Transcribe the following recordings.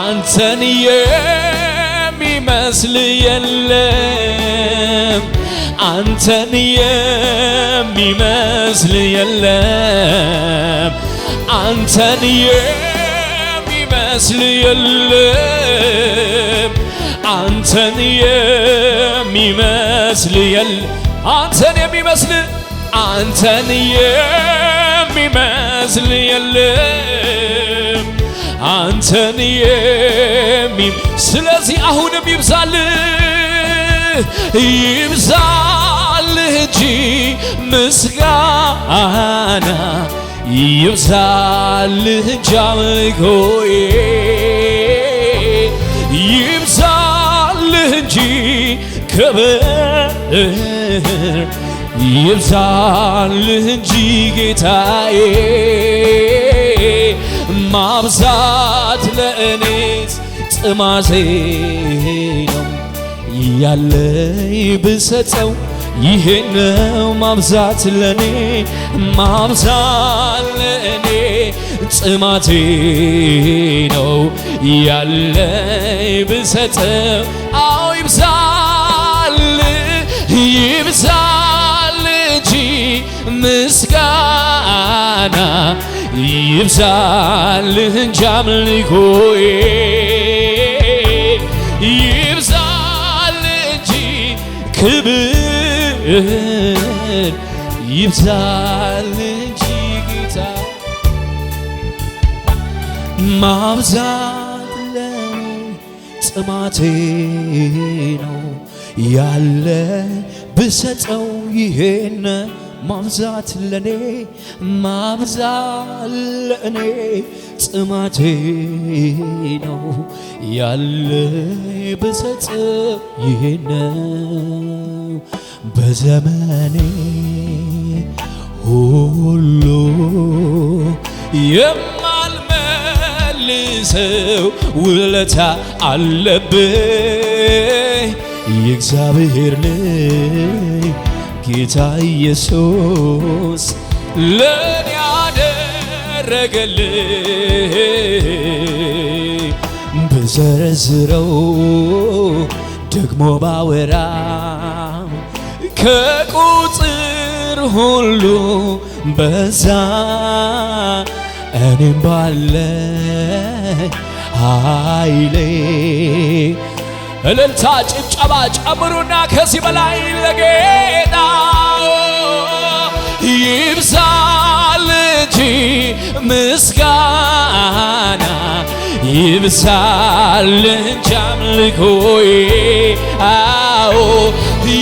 አንተን የሚመስል የለም፣ አንተን የሚመስል የለም፣ አንተን የሚመስል የለም፣ አንተን የሚመስል የለም፣ አንተን የሚመስል አንተን የሚመስል የለም አንተን የሚም ስለዚህ አሁንም ይብዛልህ ይብዛልህ እንጂ ምስጋና ይብዛልህ እንጂ አምላኬ ይብዛልህ እንጂ ክብር ይብዛልህ እንጂ ጌታዬ ማብዛት ለእኔስ ጥማሴ ነው ያለኝ ብሰጠው ይሄ ነው ማብዛት ለኔ ማብዛት ለእኔ ጥማቴ ነው ያለኝ ብሰጠው አዎ ይብዛልህ እንጂ አምልኮዬ ይብዛልህ እንጂ ክብር ይብዛልህ እንጂ ጌታ ማብዛት ለኔ ጥማቴ ነው ያለ ብሰጠው ይሄነ ማብዛት ለኔ ማብዛት ለእኔ ጥማቴ ነው ያለ ብሰጥ ይህነው በዘመኔ ሁሉ የማልመልሰው ውለታ አለብህ የእግዚአብሔር ልጅ ጌታ ኢየሱስ ለኔ ያደረገል ብዘረዝረው ደግሞ ባወራም ከቁጥር ሁሉ በዛ እኔም ባለ ኃይሌ እልልታ ጭብጨባ ጨምሩና ከዚህ በላይ ለጌታ ይብዛል እንጂ ምስጋና ይብዛል እንጂ አምልኮዬ አዎ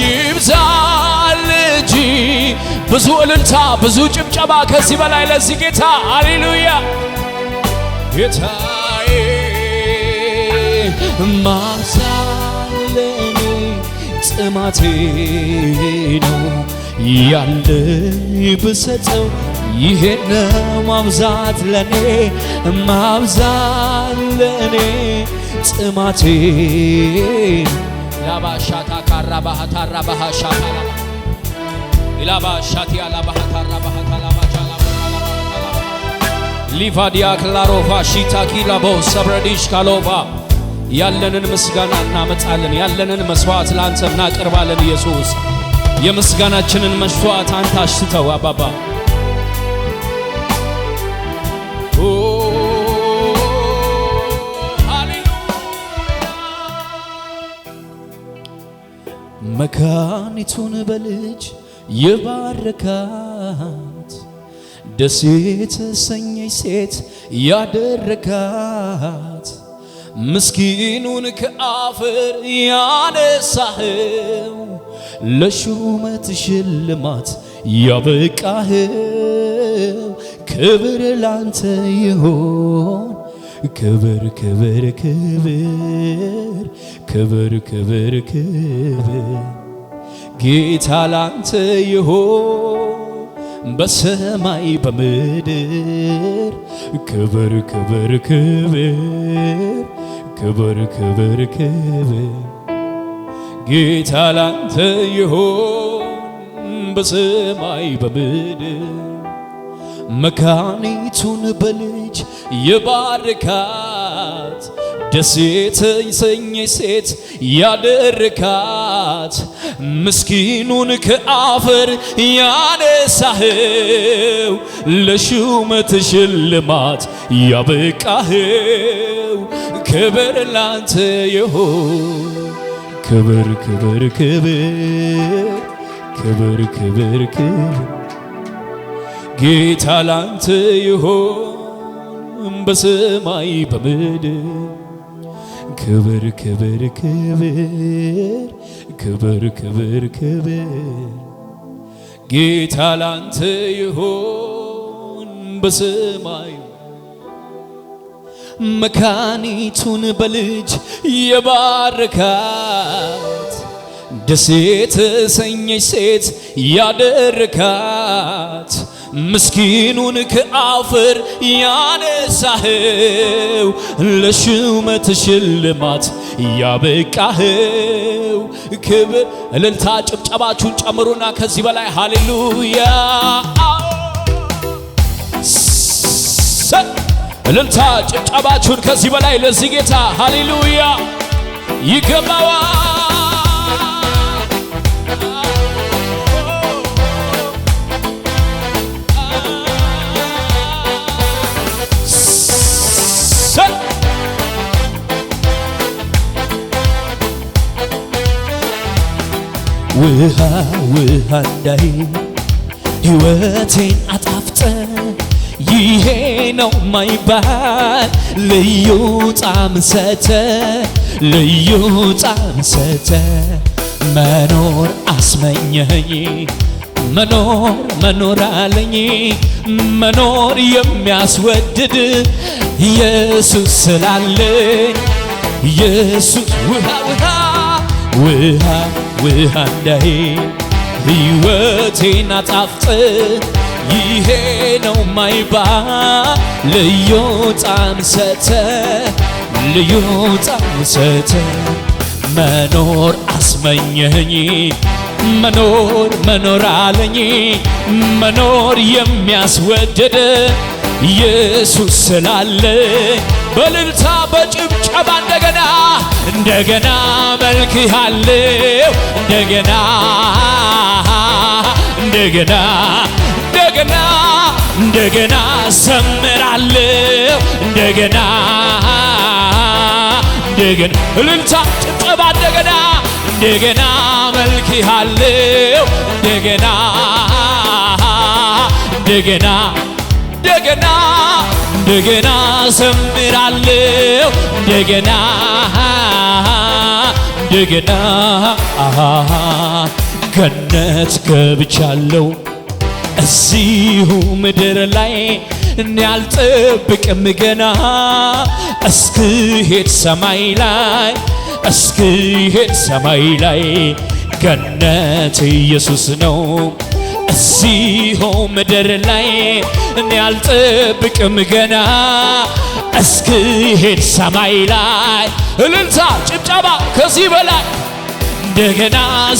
ይብዛል እንጂ ብዙ እልልታ፣ ብዙ ጭብጨባ ከዚህ በላይ ለዚህ ጌታ አሌሉያ ጌታዬ ማብዛ ጥማቴ ነው ያለ ብሰጠው ይሄን ማብዛት ለኔ ማብዛት ለኔ ጥማቴ ላባሻታ ካራ ባህታራ ባህሻታ ኢላባሻቲ አላባሃታራ ባህታ ላባሻ ሊቫዲያ ክላሮቫ ሺታኪ ላቦ ሰብረዲሽ ካሎቫ ያለንን ምስጋና እናመጣለን። ያለንን መስዋዕት ለአንተ እናቀርባለን። ኢየሱስ የምስጋናችንን መስዋዕት አንተ አሽተው አባባ መካኒቱን በልጅ የባረካት ደሴት የተሰኘች ሴት ያደረካት ምስኪኑን ከአፈር ያነሳኸው ለሹመት ሽልማት ያበቃኸው ክብር ላንተ ይሆን። ክብር ክብር ክብር ክብር ክብር ክብር ጌታ ላንተ ይሆን በሰማይ በምድር ክብር ክብር ክብር ክብር ክብር ክብር ጌታ ላንተ ይሆን በሰማይ በምድር መካኒቱን በልጅ የባርካ ደስ የተሰኘች ሴት ያደርካት! ምስኪኑን ከአፈር ያነሳህው ለሹመት ሽልማት ያበቃህው! ክብር ላንተ ይሁን ክብር ክብር ክብር ክብር ክብር ክብር ጌታ ላንተ ይሁን በሰማይ በምድር ክብር ክብር ክብር ክብር ክብር ክብር ጌታ ላንተ ይሆን በሰማዩ መካኒቱን በልጅ የባረካት ደስ የተሰኘች ሴት ያደረካት ምስኪኑን ከአፈር ያነሳኸው ለሹመት ሽልማት ያበቃኸው ክብር እልልታ ጭብጨባችሁን ጨምሩና ከዚህ በላይ ሃሌሉያ እልልታ ጭብጨባችሁን ከዚህ በላይ ለዚህ ጌታ ሃሌሉያ ይገባዋል ውሃ ውሃ እንዳይ ሕይወቴን አጣፍጠ ይሄ ነው ማይባል ልዩ ጣዕም ሰተ ልዩ ጣዕም ሰተ መኖር አስመኘኝ መኖር መኖር አለኝ መኖር የሚያስወድድ ኢየሱስ ስላለኝ ኢየሱስ ውሃ ውሃ ውሃ ውሃዳዬ ሕይወቴን አጣፍጥ ይሄ ነው ማይባል ልዩ ጣዕም ሰተ ልዩ ጣዕም ሰተ መኖር አስመኘኝ መኖር መኖር አለኝ መኖር የሚያስወደደ ኢየሱስ ስላለ በልልታ በጭብጨባ እንደገና እንደገና መልክሃለው እንደገና እንደገና እንደገና እንደገና ዘምራለው እንደገና እንደገና እልልታ ጭብጨባ እንደገና እንደገና መልክሃለው እንደገና እንደገና እንደገና እንደገና ዘምራለው እንደገና እንደገና ገነት ገብቻለሁ እዚሁ ምድር ላይ እኔ አልጠብቅም ገና እስክሄድ ሰማይ ላይ እስክሄድ ሰማይ ላይ ገነት ኢየሱስ ነው። እዚሁ ምድር ላይ እኔ አልጠብቅም ገና እስክሄድ ሰማይ ላይ እልልታ ጭብጨባ ከዚህ በላይ እንደገና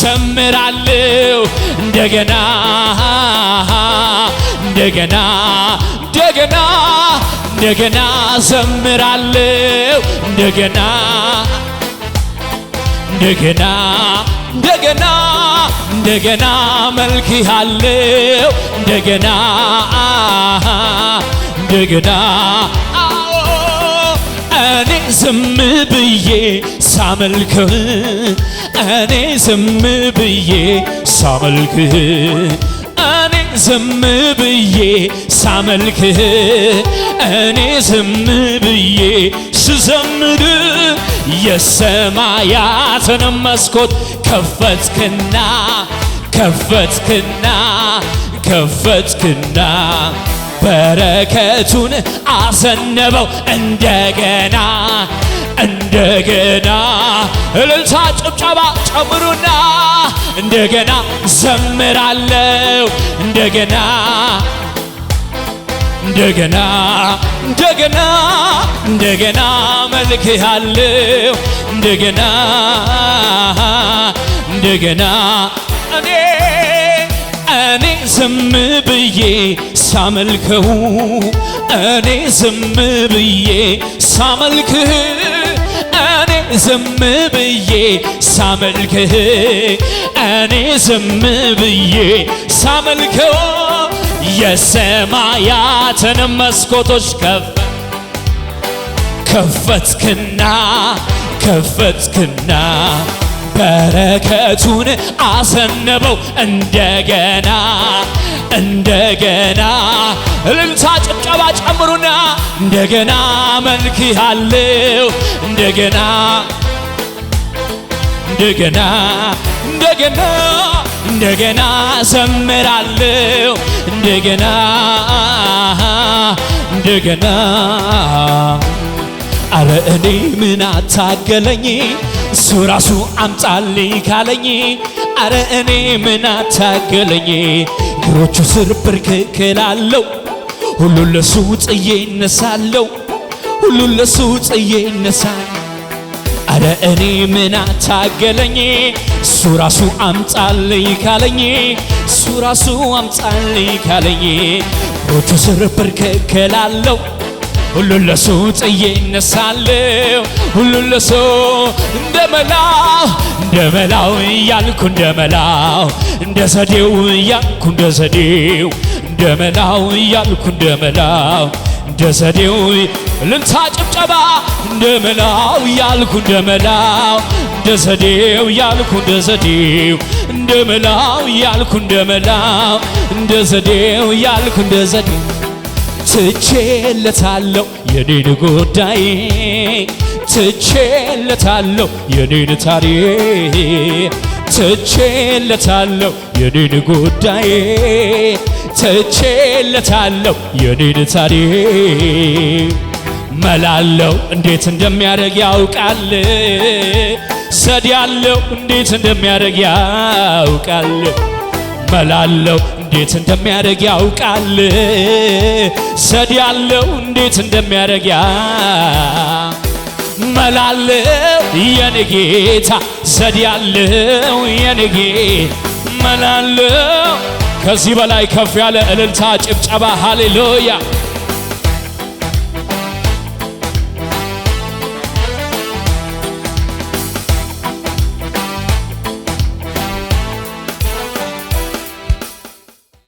ዘምራለሁ እንደገና እንደገና እንደገና እንደገና ዘምራለሁ እንደገና እንደገና እንደገና እንደገና መልክሃለሁ እንደገና እንደገና እኔ ዝም ብዬ ሳመልክ እኔ ዝም ብዬ ሳመልክ እኔ ዝም ብዬ ሳመልክ እኔ ዝም ብዬ ስዘምር የሰማያትን መስኮት ከፈትክና ከፈትክና ከፈትክና በረከቱን አሰነበው እንደገና እንደገና እልልታ ጭብጨባ ጨምሩና እንደገና ዘምራለው እንደገና እንደገና እንደገና እንደገና መልክ ያለው እንደገና እንደገና ዝም ብዬ ሳመልክሁ እኔ ዝም ብዬ ሳመልክህ እኔ ዝም ብዬ ሳመልክህ እኔ ዝም ብዬ ሳመልክው የሰማያትን መስኮቶች ከፈ ከፈትክና ከፈትክና በረከቱን አሰነበው እንደገና እንደገና እልልታ ጭብጨባ ጨምሩና እንደገና መልክ ያለው እንደገና እንደገና እንደገና እንደገና ዘምራለው እንደገና እንደገና አረ እኔ ምን አታገለኝ እሱ ራሱ አምጣልኝ ካለኝ አረ እኔ ምን አታገለኝ እግሮቹ ስር ብርክክ እላለሁ ሁሉን ለሱ ጽዬ እነሳለሁ ሁሉ ለሱ ጥዬ እነሳለሁ አረ እኔ ምን አታገለኝ እሱ ራሱ አምጣልኝ ካለኝ እሱ ራሱ አምጣልኝ ካለኝ እግሮቹ ስር ብርክክ ሁሉን ለሱ ጥዬ እነሳለሁ ሁሉን ለሱ እንደ መላው እንደ መላው እያልኩ እንደ መላው እንደ ዘዴው እያልኩ እንደ ዘዴው እንደ መላው እያልኩ እንደ መላው እንደ ዘዴው ልልታ ጭብጨባ እንደ መላው እያልኩ እንደ እንደ ዘዴው እያልኩ እንደ ዘዴው እንደ እያልኩ እንደ እንደ ዘዴው እያልኩ እንደ ዘዴው ትቼለታለሁ የኔን ጉዳይ ትቼለታለሁ የኔን ታሪክ ትቼለታለሁ የኔን ጉዳይ ትቼለታለሁ የኔን ታሪክ መላለው እንዴት እንደሚያደርግ ያውቃል ሰድ ያለው እንዴት እንደሚያደርግ ያውቃል መላለው እንዴት እንደሚያደርግ ያውቃል። ዘዴ ያለው እንዴት እንደሚያደርግ ያ መላለው የኔ ጌታ ያለው የኔ መላለው ከዚህ በላይ ከፍ ያለ እልልታ ጭብጨባ ሃሌሉያ